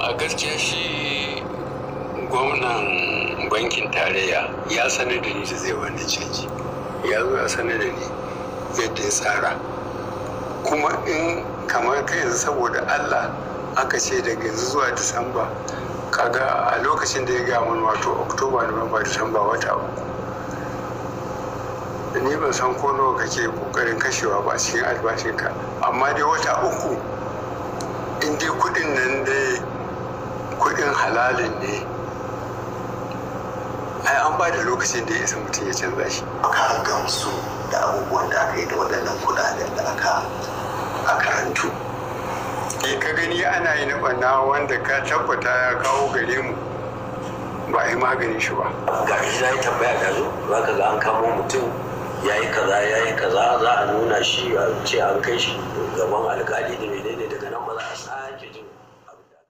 a gaskiya shi gwamnan bankin tarayya ya sanar da ni da zai wani canji ya zo ya sanar da ni yadda ya tsara kuma in kamar ka yanzu saboda allah aka ce daga yanzu zuwa disamba kaga a lokacin da ya ga mun wato oktoba nuwamba disamba wata uku ni ban san ko nawa kake kokarin kashewa ba cikin albashinka amma dai wata uku in dai kudin nan dai in halalin ne ai an ba da lokacin da ya isa mutum ya canza shi ka gamsu da abubuwan da aka yi da waɗannan kudaden da aka a karantu e ka gani ana yi na ɓanna wanda ka tabbata ya kawo gare mu ba a yi maganin shi ba ga shi na yi tambaya da zo za ka ga an kamo mutum ya yi kaza ya yi kaza za a nuna shi a ce an kai shi gaban alkali da menene daga nan ba za a